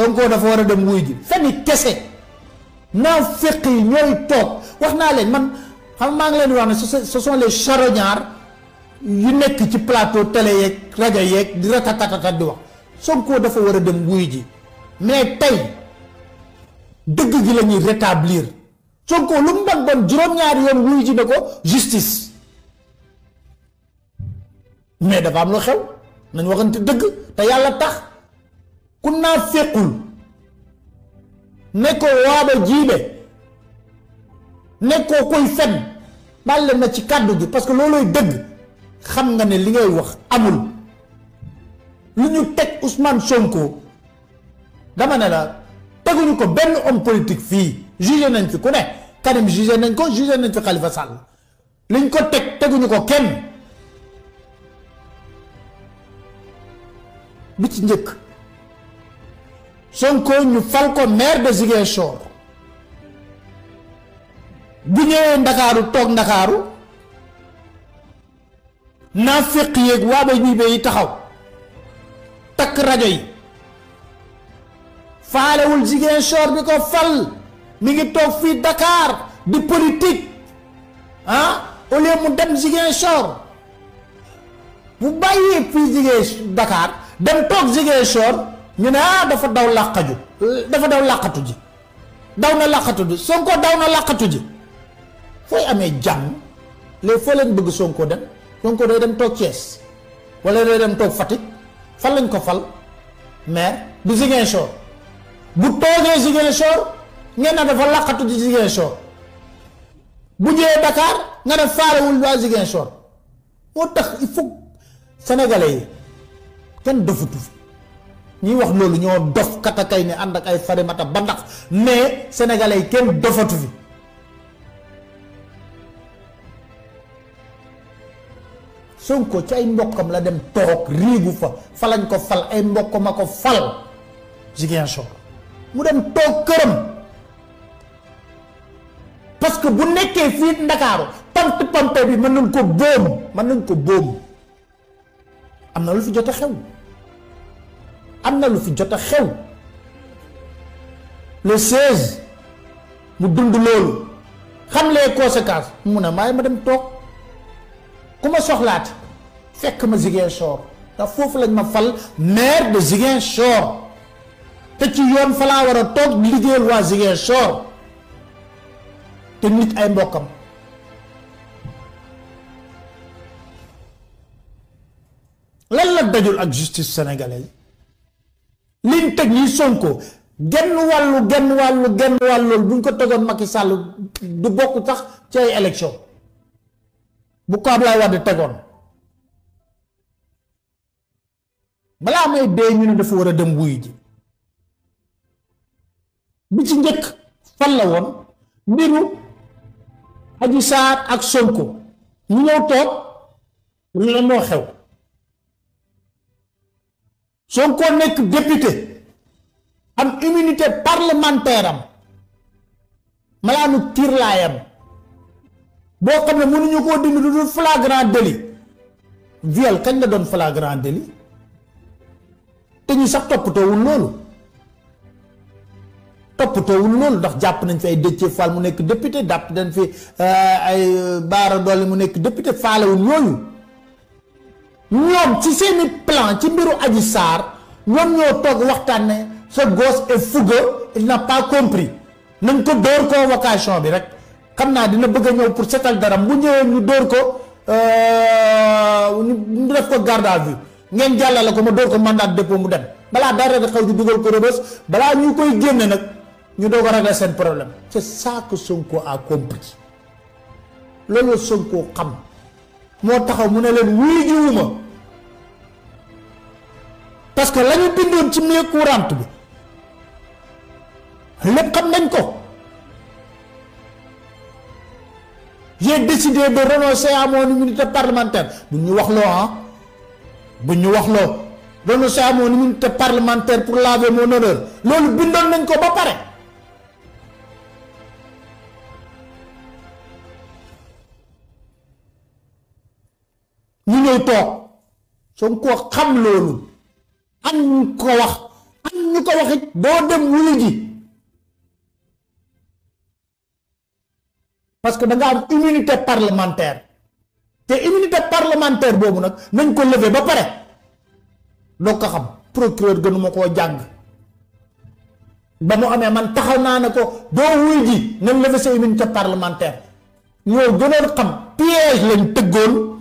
Sonko dafa war a dem wuy ji fenn kese naa féq yi ñooy toog wax naa leen man xam maa ngi leen di wax ne ce sont les charognards yu nekk ci plateau tele yeeg rajo yeeg di ratatatata di wax Sonko dafa war a dem wuy ji mais tey dëgg gi la ñuy rétablir Sonko lu mu bon bon juróom ñaar yoon wuy ji ne ko justice mais dafa am lu xew nañ waxante dëgg te yàlla tax ku naa féqul ne ko waaba jiibe ne ko koy fen bàlle na ci kàddu gi parce que loolooy dëgg xam nga ne li ngay wax amul lu ñu teg Ousmane Sonko dama ne la teguñu ko benn homme politique fii jugé nañ fi ku ne Karim jugé nañ ko jugé nañ fi xalifa Sall liñ ko teg teguñu ko kenn bi ci njëkk Sonko ñu fal ko maire de Ziguinchor bu ñëwee ndakaaru toog ndakaaru naa féq yéeg waaba yi taxaw takk rajo yi faalewul Ziguinchor bi ko fal mi ngi toog fii Dakar di politique ah au lieu mu dem bu bàyyee fii Ziguinchor Dakar dem toog Ziguinchor ñu ne ah dafa daw làqaju euh, dafa daw làqatu ji daw na làqatu ji Sonko daw na làqatu ji fooy amee jàmm léegi foo leen bëgg Sonko dem Sonko day dem toog Thiès wala day dem toog Fatick fan lañ ko fal maire du Ziguinchor bu toogee Ziguinchor ngeen na dafa làqatu ji Ziguinchor bu jëwee Dakar nga ne faalewul waa Ziguinchor moo tax il faut sénégalais yi kenn dofatu ñi wax lolu ñoo dof kay ne ànd ak ay faré mata bandax mais sénégalais kenn dofatu fi sonko ci ay mbokam la dem tok rigu fa fa lañ ko fal ay mbokam ko fal jigen so mu dem tok kërëm parce que bu nekké fi ndakaaru pant pante bi mën nañ ko boom mën nañ ko boom amna lu fi jotta xew am na lu fi jot a xew le 16 mu dund loolu xam les conséquences mu ne maay ma dem toog ku ma soxlaat fekk ma Ziguinchor ndax foofu lañ ma fal maire de Ziguinchor te ci yoon fa laa war a toog liggéeyal waa Ziguinchor te nit ay mbokkam lan la dajul ak justice sénégalaise liñ teg nii Sonko genn wàllu genn wàllu genn wàllu buñ ko tegoon Macky Sall du bokk sax ci ay élection bu ko Ablaye Wade tegoon balaa may dee ñu ne dafa war a dem wuyu ji bi ci njëkk fan la woon mbiru Adji Sarr ak Sonko ñu ñëw toog lu leen moo xew Sonko nekk député am immunité parlementaire am malaanu tirlaayam boo xam ne mënuñu koo dindi lu dul flagrant délit viol kañ la doon flagrant délit te ñu sax toppatoowul loolu toppatoowul loolu ndax jàpp nañ fi ay Déthié Fall mu nekk député jàpp nañ fi euh, ay Bara Dolly mu nekk député faalewul yooyu ñoom ci seeni plan ci mbiru aji Sarr ñoom ñoo toog waxtaan ne ce gosse est fougueux il n'a pas compris nañ ko dóor convocation bi rek xam naa dina bëgg a ñëw pour setal dara bu ñëwee ñu door ko euh, ñu def ko garde à vue ngeen jàllale ko ma dóor ko mandat de dépôt mu dem balaa dara di xaw di dugal ko rëbës balaa ñu koy génne nag ñu doog a régler seen problème c'est ça que Sonko a compris loolu Sonko xam moo taxaw mu ne leen wuy jiwuma parce que la ñu bindoon ci milieu courante bi lépp xam nañ ko j'ai décidé de renoncer à mon immunité parlementaire bu ñu wax loo ah bu ñu wax loo renoncer à mon immunité parlementaire pour laver mon honneur loolu bindoon nañ ko ba pare ñu ñëw toog Sonko xam loolu am ko wax am ñu ko wax it dem wulu ji parce que da nga am immunité parlementaire te immunité parlementaire boobu nag nañ ko lever ba pare doo ko xam procureur gënu ma koo jàng ba mu amee man taxaw naa ne ko doo wul ji nañ lever sa immunité parlementaire ñoo gënoon xam piège lañ tëggoon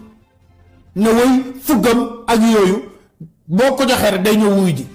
ne woy fuggam ak yooyu boo ko joxee rek day ñëw wuyu ji